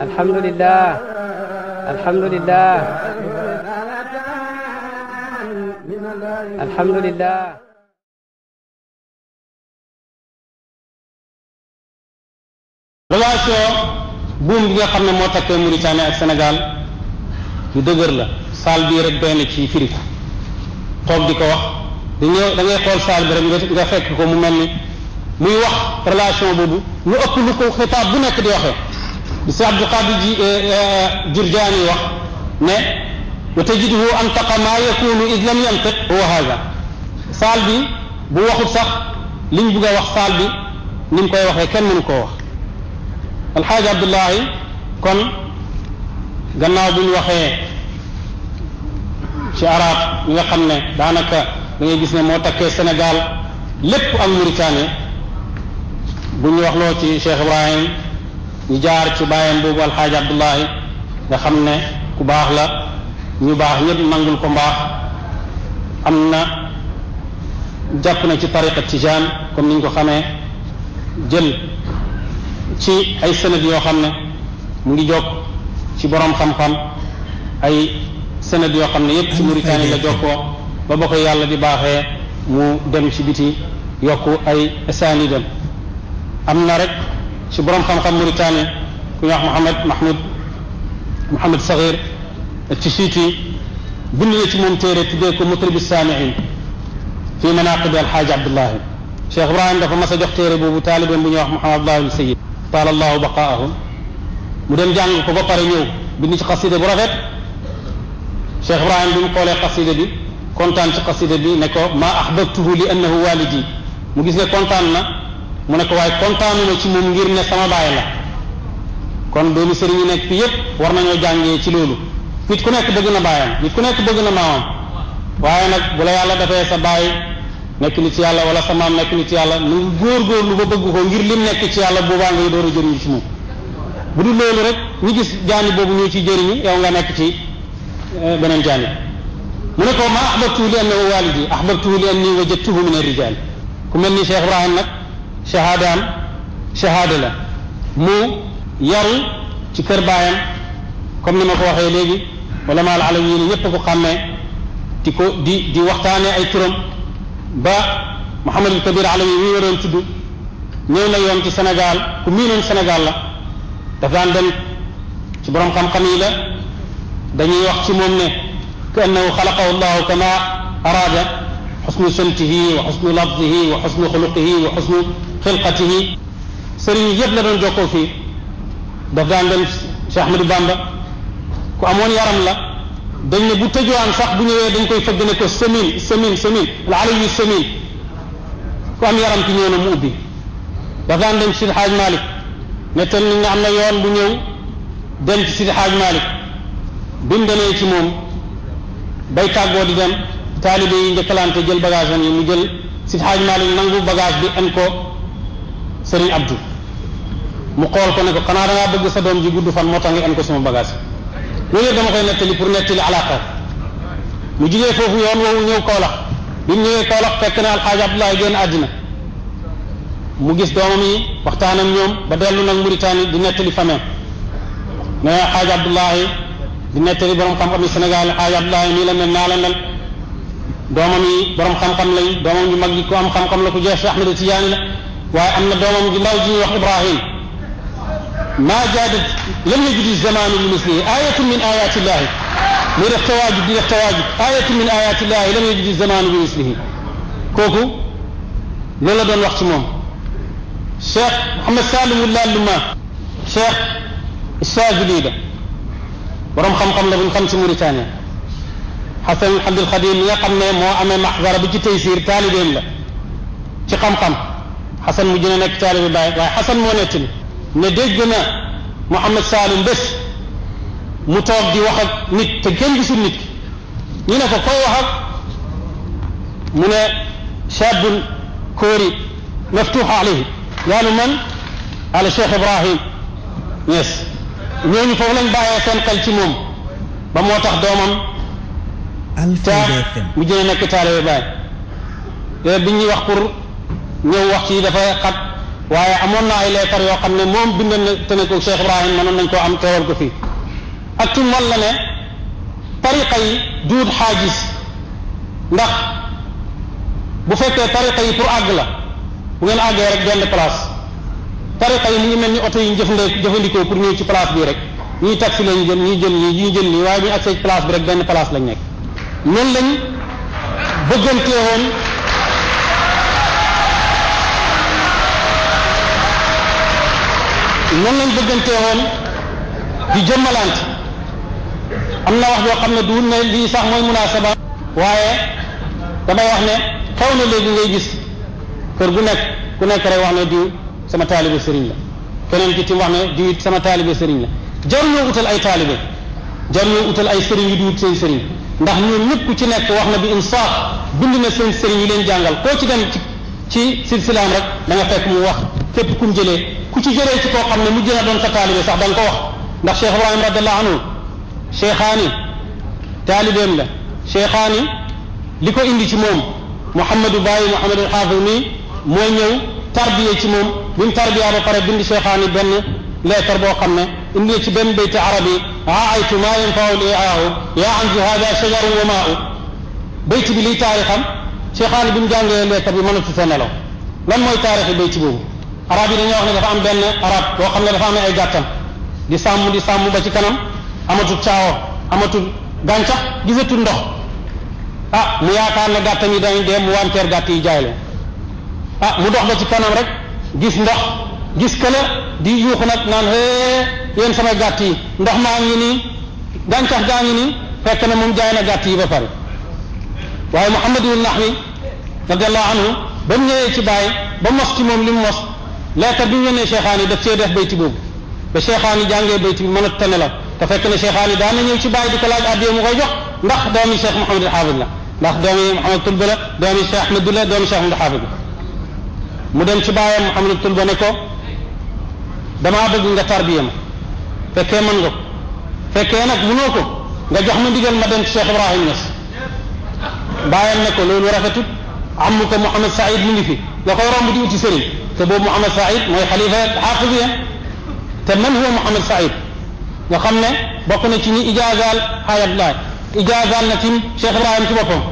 alhamdulilah alhamdulilah alhamdulilah relation buum bi nga xam ne moo takkee Mauritanie ak Sénégal yu dëgër la saal bii rek doy na ci firiku toog di ko wax di ñëw da ngay xool saal bi rek nga fekk ko mu mel ni muy wax relation boobu lu ëpp bu nekk di waxee bi si Abdul ji eh, eh, Jurjaani wax ne wa tajiduhu antaqa maa yakunu id lam yantiq huwa haza saal bi bu waxul sax liñ bugg wax saal bi ni koy waxee kenn mënu koo wax alxaaji Abdullahi kon gannaaw bu ñu waxee ci arab ñi nga xam ne da ngay gis ne moo takkee Sénégal lépp ak Mauritanie bu ñu waxloo ci Cheikh Ibrahim ñu jaar ci bàyyam boobu alxaaji Abdullahi nga xam ne ku baax la ñu baax ñëpp nangul ko mbaax am na jàpp na ci tariqa tijaan comme ni ñu ko xamee jël ci ay sénat yoo xam ne mu ngi jokk ci boroom xam-xam ay sénat yoo xam ne yépp ci Mauritanie la jokkoo ba ba ko yàlla di baaxee mu dem ci biti yokku ay saani dem am na rek ci borom xam-xam Mauritanie ku ñuy wax Mohamed Mahmoud Mohamed Saghir ci siiti bind na ci moom téere tuddee ko mutribi saamiin fi manaqib alxaaj Abdullahi Cheikh Ibrahim dafa mas a jox téere boobu taalibeem bu ñuy wax Mohamed Abdullahi Sayid taala allahu baqaahu mu dem jàng ko ba pare ñëw bind ci xasida bu rafet Cheikh Ibrahim bi mu xoolee xasida bi kontaan ci xasida bi ne ko maa ahbabtuhu li annahu walidi mu gis ne kontaan na mu ne ko waaye kontaanuma ci moom ngir ne sama baay la kon doomi sëriñ yi nekk fi yépp war nañoo jàngee ci loolu nit ku nekk bëgg na baayam nit ku nekk bëgg na maamam waaye nag bu la yàlla defee sa baay nekk nit ci yàlla wala sa maam nekk nit ci yàlla nu góor lu ba bëgg ko ngir lim nekk ci yàlla boobaa ngay door a jëriñu ci moom bu dul loolu rek ñu gis jàn boobu ñoo ciy jëriñu nekk ci eh, beneen jaani mu ne ko ma ahbabtuhu li annahu walidi ahbabtuhu li anni wajadtuhu min arrijal ku mel ni Cheikh Ibrahim nag shahaadaam shahaada la mu yaru ci kër baayam comme ni ma ko waxee léegi wala maal alawiin ñëpp ko xàmmee di ko di di waxtaanee ay turam ba Mouhamadul Kabir Alawi mi waroon tudd ñëw na yoon ci Sénégal ku miinoon Sénégal la daf daan dem ci borom xam-xam yi la dañuy wax ci moom ne. ka annahu xalaqahu llahu kama araada xusnu samtihi wa xusnu lafdihi wa xusnu xuluqihi wa xusnu xilqatihi sëriñ yëpp la doon jokkoo fii daf daan dem Cheikh Ahmadou Bamba ku amoon yaram la dañ ne bu tëjuwaan sax bu ñëwee dañ koy fëgg ne ko semin semin semin al aliyu semin ku am yaram ki ñëw na mu ubbi daf daan dem Sidi Haaj Malick nettal ni nga am na yoon bu ñëw dem ci Sidi Haaj Malick bi mu demee ci moom bay tàggoo di dem taalibe yi njëkkalante jël bagage am yi mu jël si xaaj Maalik nangu bagage bi en ko Serigne Abdou mu xool ko nekk ko xanaa da ngaa bëgg sa doom ji gudd fan moo tax en ko sama bagage loolu yëpp dama koy nettali pour nettali alaaka mu jugee foofu yoon woowu ñëw Kaolack bi mu ñëwee Kaolack fekk na alxaaj Abdoulaye génn àddina mu gis doomam yi waxtaan ak ñoom ba dellu nag Mauritanie di nettali famille mais alxaaj Abdoulaye di nettali borom xam-xam yi Sénégal xaaj Abdoulaye nii la mel naa la mel doomam yi borom xam-xam lañ doomam yu mag yi ku am xam-xam la ku jeex si Ahmed Tidiane la waaye am na doomam ju ndaw ji ñuy wax Ibrahim maa jaadat lam yajidi zamanu li mislihi ayatun min ayatillahi muy def tawaajud di def tawaajud ayatun min ayatillahi lam yajidi zamanu li mislihi kooku loolu la doon wax ci moom Cheikh Mouhamed Salim Wula Luma Cheikh Saadili la boroom xam-xam la buñ xam ci Mauritanie Xasan Abdul Xadim mi nga xam ne moo amee maxdara bi ci taysir taalibeem la ci xam-xam Xasan mu gën a nekk taalibe Baay waaye Xasan moo nekk ni ne dégg na Mouhamed Saloum bés mu toog di wax ak nit te kenn gisul nit ñu ne ko koy wax ak mu ne shabun kóori maftuuxa alayhi yaalu man ala Cheikh Ibrahim Niass ñooñu foofu lañ bàyyee seen xel ci moom ba moo tax doomam caax mu jëne nekk taalibe baay te bi ñuy wax pour ñëw wax ci dafay xat waaye amoon na ay leetar yoo xam ne moom bind na te ne ko Cheikh Ibrahim mënoon nañ koo am teewal ko fii ak ci moom la ne tariqa yi xaajis ndax bu fekkee tariqa pour àgg la bu ngeen àggee rek benn place tarixa yi mi ngi mel ni oto yi ñu jëfandikoo pour ñëw ci place bi rek ñii taxi lañ jël ñii jël ñii ñii jël nii waaye ñu accès ci bi rek benn place lañ nekk noonu lañ bëgganteewoon noonu lañ bëgganteewoon di jëmmalante am na wax boo xam ne du ne lii sax mooy munaasaba waaye damay wax ne xaw na léegi ngay gis kër gu nekk ku nekk rek wax ne diw sama taalibe sëriñ la keneen ki ci wax ne diwit sama taalibe sëriñ la jaruñoo utal ay taalibe jaruñoo utal ay sëriñ yu diwut seen sëriñ ndax ñun ñëpp ku ci nekk wax na bi insaaf bind na seen sëriñ yi leen jàngal koo ci dem ci ci silsilaam rek da nga fekk mu wax képp kum jëlee ku ci jëlee ci koo xam ne mujj na doon sa taalibe sax da nga ko wax ndax Cheikh Ibrahim radiallahu anhu cheikhaani taalibeem la cheikhaani li ko indi ci moom Mouhamadou Baye Mouhamadou Xaafis mi mooy ñëw bi mu tarbiya ba pare bind Seexaani benn leetar boo xam ne indi ci benn bayti arabi aaytu maa yanfau liaahu yaa an ji hada shajaru wa maau bayt bi liy taarixam Seexaani bi mu jàngee leetar bi mënatu sa nelaw lan mooy taarixi bayt boobu arab yi dañoo wax ne dafa am benn arab boo xam ne dafa amee ay gàttam di sàmm di sàmm ba ci kanam amatul caawa amatul gàncax gisatul ndox ah mu yaakaar ne gàttam yi dañ dem wanteer gàtt yi jaay leen ah ci kanam rek gis ndox gis kële di yuuxu nag naan hee yéen sama gàtt yi ndox maa ngi nii gàncax gaa ngi nii fekk na moom jaay na gàtt yi ba pare waaye Muhammad ibn Nahwi radiallahu anhu ba mu ñëwee ci bàyyi ba mos ci moom li mu mos leetar bi mu yónnee Cheikhaan yi daf cee def bayti boobu ba Cheikhaan yi jàngee bayti bi mën a tane la te fekk na Cheikhaan yi daan na ci bàyyi di ko laaj addiya mu koy jox ndax doomi Cheikh Mouhamed El Hafid na ndax doomi Mouhamed Tulba la doomi Cheikh Ahmed la doomi Cheikh Mouhamed El Hafid mu dem ci baayam Muhammadu Tulba ne ko damaa bëgg nga tarbiya ma fekkee mën nga ko fekkee nag mënoo ko nga jox ma ndigal ma dem ci Cheikh Ibrahim Niass baayam ne ko loolu rafetut am ko Mouhamed Saïd mu ngi fi nga koy romb di uti sëriñ te boobu Mouhamed Saïd mooy xalifa xaafiziya te man huwa Mouhamed Saïd nga xam ne bokk na ci ñi ijaazaal xaay Abdoulaye ijaazaal na tim Cheikh Ibrahim ci boppam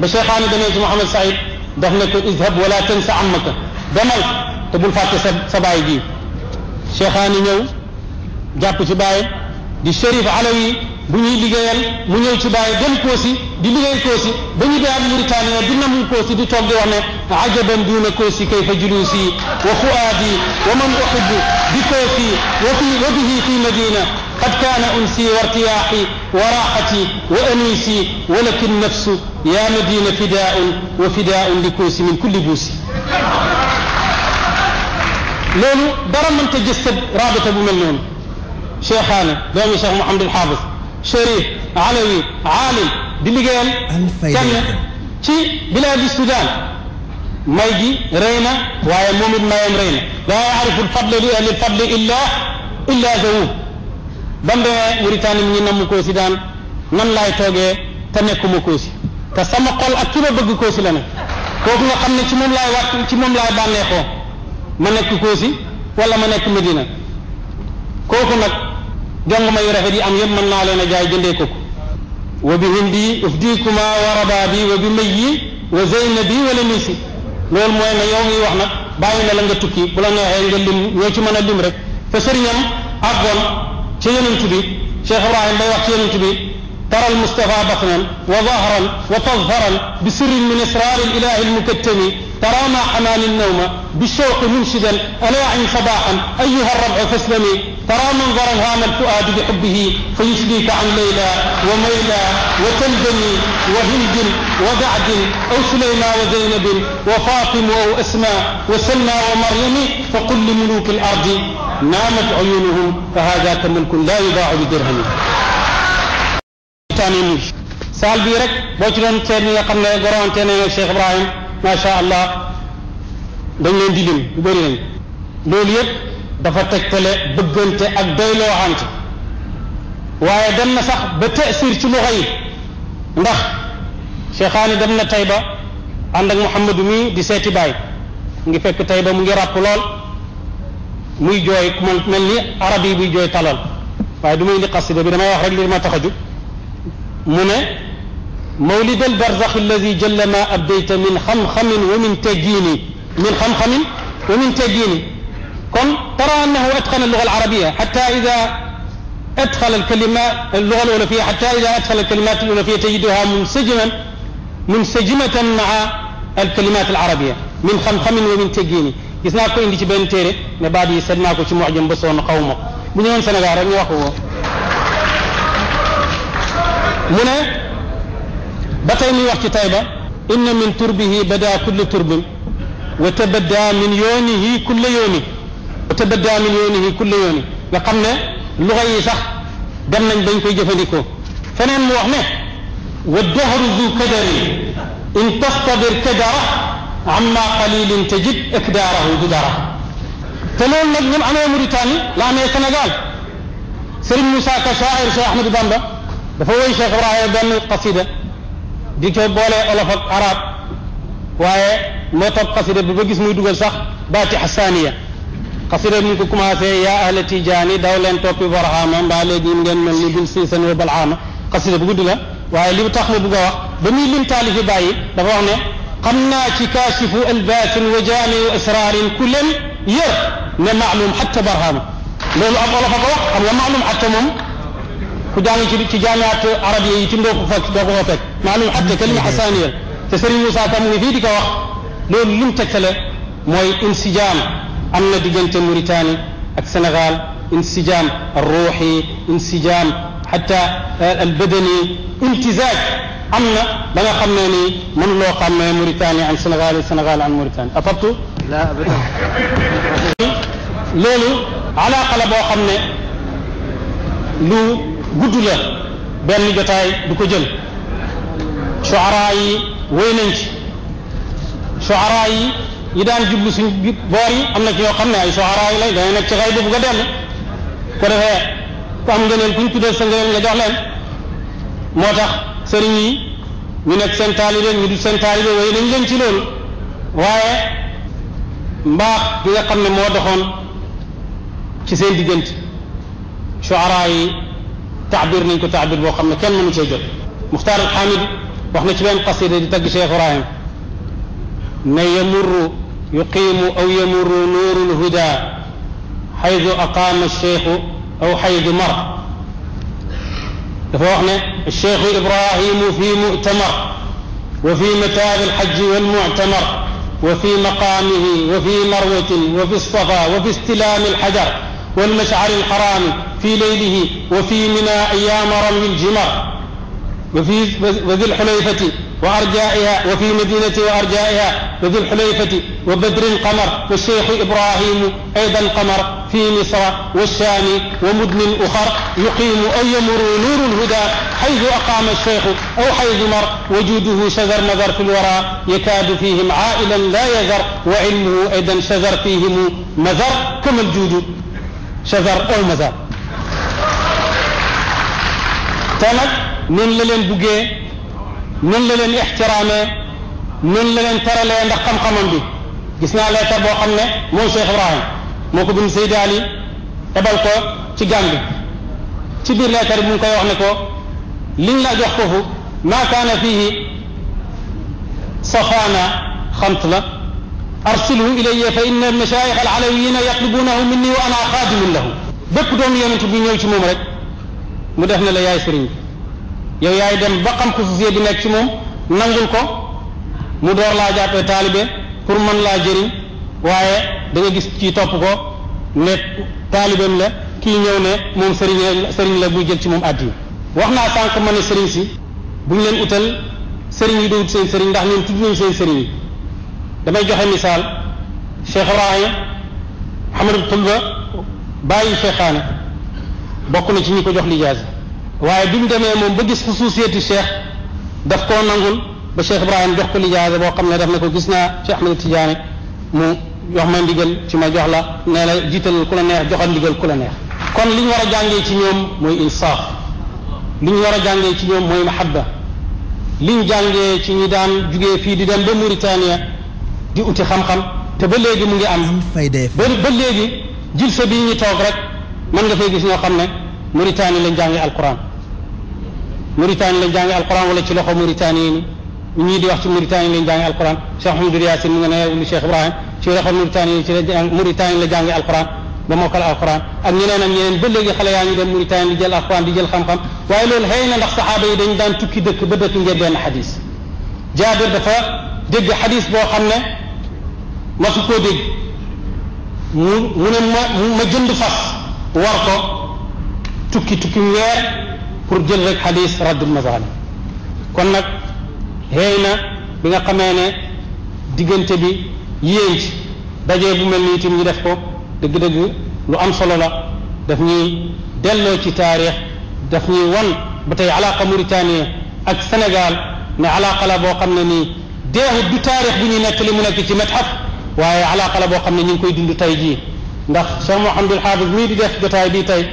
ba Cheikhaani demee ci Mouhamed Saïd daf ne ko izhab wala tansa ammaka demal te bul fàtte sa sa baay ji cheikhaani ñëw jàpp ci baay di shérif alawi bu ñuy liggéeyal mu ñëw ci baay dem koosi di liggéey koosi ba ñu dee ak Mauritania di namm koosi di toog di wax ne ajaban duuna koosi kayfa juluusi wa fuaadi wa man uhibbu bi koosi wa fi wa bihi fi madina qad kaana unsi wa irtiyaaxi wa raaxati wa aniisi walakin nafsu yaa madina fidaaun wa fidaaun li koosi min kulli buusi loolu dara mënta gis sa rabita bu mel noonu cheikhaane doomi cheikh Mouhamadul Xaafis Cherif Alawi aalim di liggéeyal kenn ci bilaadi Sudan may gi rëy na waaye moom it mayam rëy na laa yaarifu lfadle li ahli lfadle illa illa zawu bam demee Mauritanie mi ngi namm koosi daan nan laay toogee te nekkuma koosi te sama xol ak ki ma bëgg koosi kooku nga xam ne ci moom laay wàtt ci moom laay bànneexoo ma nekk Koosi wala ma nekk Medina kooku nag jong ma yu rafet yi am yëpp mën naa leen a jaay jëndee kooku wa bi hindi ufdikuma wa rabaabi wa bi mayyi wa zeynabi wala nisi loolu mooy nga yow ngi wax nag bàyyi na la nga tukki bu la neexee nga lim ñoo ci mën a lim rek fa sëriñam àggoon ca yonent bi Cheikh Ibrahim bay wax ci yonent ترى المصطفى بطنا وظهرا وتظهرا بسر من اسرار الاله المكتم ترى مع امان النوم بالشوق منشدا الاعن صباحا ايها الربع فاسلمي ترى منظرا هام الفؤاد بحبه فيسليك عن ليلى وميلى وتلبني وهند وبعد او سليمى وزينب وفاطم او اسماء وسلمى ومريم فقل لملوك الارض نامت عيونهم فهذا تملك لا يباع بدرهم waxtaanee nii saal bii rek boo ci doon nga xam ne gorowante nañ ak Cheikh Ibrahim macha allah dañ leen di lim lu bëri nañ loolu yëpp dafa tegtale bëggante ak doyloo xante waaye dem na sax ba taasir ci luxa yi ndax cheikhaani dem na Tayba ànd ak Muhammadu mii di seeti baay mu ngi fekk Tayba mu ngi ràpp lool muy jooy ku mel ni arab yi buy jooy talal waaye du may indi xasida bi damay wax rek li ma tax mu ne mawlid al barzax alladi jalla ma abdayta min xam-xamin wa min teggiini min xam-xamin wa min teggiini kon tara annahu adxala alluga al arabiya xata ida adxala alkalimat alluga al ulafiya xata ida adxala alkalimat al ulafiya tajiduha munsajiman munsajimatan maa alkalimat al arabiya min xam-xamin wa min teggiini gis naa ko indi ci benn téere ne baat yi seet naa ko ci mucjam ba sonn xaw ma bu ñëwoon Sénégal rek ñu wax ko mu ne ba tey muy wax ci Tayba inna min turbihi bada kulli turbin wa tabadda min yoonihi kulli yooni wa tabadda min yoonihi kulli yooni nga xam ne luxa yi sax dem nañ bañ koy jëfandikoo feneen mu wax ne wa dahru zu kadari in tastabir kadara amma qalilin tajid ikdaarahu du dara te loolu nag ñoom amee Mauritanie la amee Sénégal Serigne Moussa Ka shaa'ir Cheikh Ahmadou Bamba dafa woy Cheikh Ibrahima benn xasida di ko boolee olof ak arab waaye moo topp xasida bi ba gis muy dugal sax baati xasaaniya xasida mi mu ko commencé yaa ahla tijaani daw leen toppi barxaama mbaa léegi ñu ngeen mel ni bil siisan wa balxaama xasida bu gudd la waaye li tax ma bëgg a wax ba muy lim taalifi bàyyi dafa wax ne xam naa ci kaasifu albaasin wa jaamiu asraarin ku leen yër ne maalum xatta barxaama loolu am olof a ko wax xam nga maalum xatta moom ku jàng ci ci jaamiat arab yi itam doo ko fekk doo kalima xasaaniya te Serigne Moussa Ka mu ngi fii di ko wax loolu li mu mooy insijaam am na diggante Mauritanie ak Sénégal insijaam ruuxi insijaam xatta albadani imtizaaj am na ba nga xam ne nii mënu loo xam ne Mauritanie an Sénégal loolu alaaqa la boo xam lu gudd la benn jotaay du ko jël suara yi wéy nañ ci suara yi yi daan jublu suñ boor yi am na ci ñoo xam ne ay suara lay dana nekk ci xay bu ko dell ko defee ku am ngëneel kuñ tuddal sa ngëneel nga jox moo tax sëriñ yi ñu nekk seen taalibe ñu du seen taalibe wéy nañ leen ci loolu waaye mbaax bi nga xam ne moo doxoon ci seen diggante suara yi taabir nañ ko taabir boo xam ne kenn mënu cee jot muxtaar alxaamid wax na ci benn qasida di tagg cheikh ibrahim ne yamurru yuqiimu aw yamurru nuuru lhuda xaydu aqaama cheikhu aw xaydu mar dafa wax ne cheikhu ibrahimu fi mu'tamar wa fi mataabi alxajji walmu'tamar wa fi maqaamihi wa fi marwatin wa fi safa wa fi istilaami alxajar walmashcari alxaraami في ليله وفي منى أيام رمي الجمر وفي وذي الحليفة وأرجائها وفي مدينة وأرجائها وذي الحليفة وبدر القمر والشيخ إبراهيم أيضا قمر في مصر والشام ومدن أخر يقيم أن يمر نور الهدى حيث أقام الشيخ أو حيث مر وجوده شذر نذر في الورى يكاد فيهم عائلا لا يذر وعلمه أيضا شذر فيهم مذر كما الجود شذر أو مذر te nag noonu la leen buggee noonu la leen ixtiraamee noonu la leen teralee ndax xam bi gis naa leetar boo xam ne moom Cheikh Ibrahim moo ko bind Seydi Ali ebal ko ci Gàmbi ci biir leetar bi mu ngi koy wax ne ko liñ la jox foofu maa kaana fiihi safaana xamt la arsilhu ilayya fa inna mashaayix al alawiyina yatlubunahu minni wa ana xaadimun lahu bépp doomu yonent bi ñëw ci moom mu def na la yaay sëriñ bi yow yaay dem ba xam xususiya bi nekk ci moom nangul ko mu door laa jàppee taalibe pour man laa jëriñ waaye da gis ci topp ko ne taalibeem la kii ñëw ne moom sëriñ la sëriñ la buy jël ci moom àddina wax naa sànq ma ne sëriñ si buñ leen utal sëriñ yi dowut seen sëriñ ndax ñun tudd nañ seen sëriñ yi damay joxe misaal Cheikh Ibrahim Ahmadou Tulba bàyyi Cheikhaane bokk na ci ñi ko jox lijaasa waaye bi ñu demee moom ba gis xusuusiyati cheikh daf koo nangul ba cheikh ibrahim jox ko lijaasa boo xam ne daf ne ko gis naa cheikh ahmed tijaani mu jox ma ndigal ci ma jox la nee jiital ku la neex joxal ndigal ku la neex kon li ñu war a jàngee ci ñoom mooy insaaf li ñu war a jàngee ci ñoom mooy mahabba li ñu jàngee ci ñi daan jugee fii di dem ba Mauritania di uti xam-xam te ba léegi mu ngi am ba léegi jilsa bii ñu toog rek man nga fay gis ñoo xam ne Mauritanie lañ jàngi alquran Mauritanie lañ jàngi alquran wala ci loxo Mauritanie ni ñii di wax ci Mauritanie lañ jàngi alquran Cheikh mu Yacine mu nga ne lu Cheikh Ibrahim ci loxo Mauritanie ci la Mauritanie la jàngi alquran ba mokkal alquran ak ñeneen ak ñeneen ba léegi xale yaa ngi dem Mauritanie di jël alquran di jël xam-xam waaye loolu xëy na ndax saxaaba yi dañ daan tukki dëkk ba dëkk ngeen benn xadis Jaabir dafa dégg xadis boo xam ne masu koo dégg mu mu ne ma ma jënd fas war tukki tukki weer pour jël rek xadis raddul mazalim kon nag xëy na bi nga xamee ne diggante bi yéen ci bu mel nii itam ñu def ko dëgg-dëgg lu am solo la daf ñuy delloo ci taarix daf ñuy wan ba tey alaqa Mauritanie ak Sénégal ne alaqa la boo xam ne nii deexut du taarix bu ñuy nekk li mu nekk ci matxaf waaye alaqa la boo xam ne ñu ngi koy dund tey jii ndax Cheikh Mouhamadul Haafis mii di def jotaay bii tey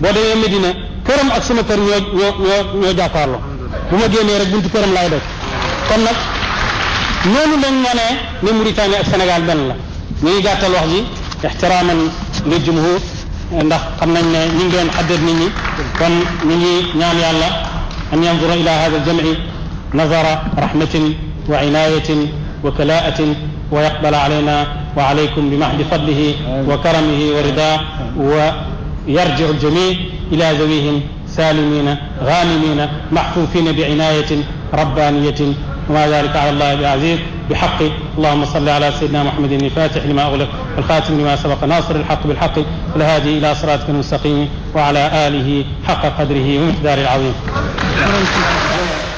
boo demee Medina këram ak sama kër ñoo ñoo ñoo ñoo jàkkaarloo bu ma génnee rek buntu këram laay def kon nag noonu lañ ma ne ni Mauritanie ak Sénégal benn la ñu ngi gàttal wax ji ixtiraaman lil jumhur ndax xam nañ ne ñu ngi doon xaddat nit ñi kon ñu ngi ñaan yàlla an yanzura ila hada aljamci nazara rahmatin wa inayatin wa kalaatin wa yaqbala alayna wa alaykum bi mahdi fadlihi wa karamihi wa ridaa wa yarjiu aljamii ila zawihim salimina ghanimina mahfufina bi inayatin rabbaniyatin wa ma dalika ala allahi bi aziz بحق اللهم صل على سيدنا محمد الفاتح لما أغلق والخاتم لما سبق ناصر الحق بالحق والهادي إلى صراطك المستقيم وعلى آله حق قدره ومقداره العظيم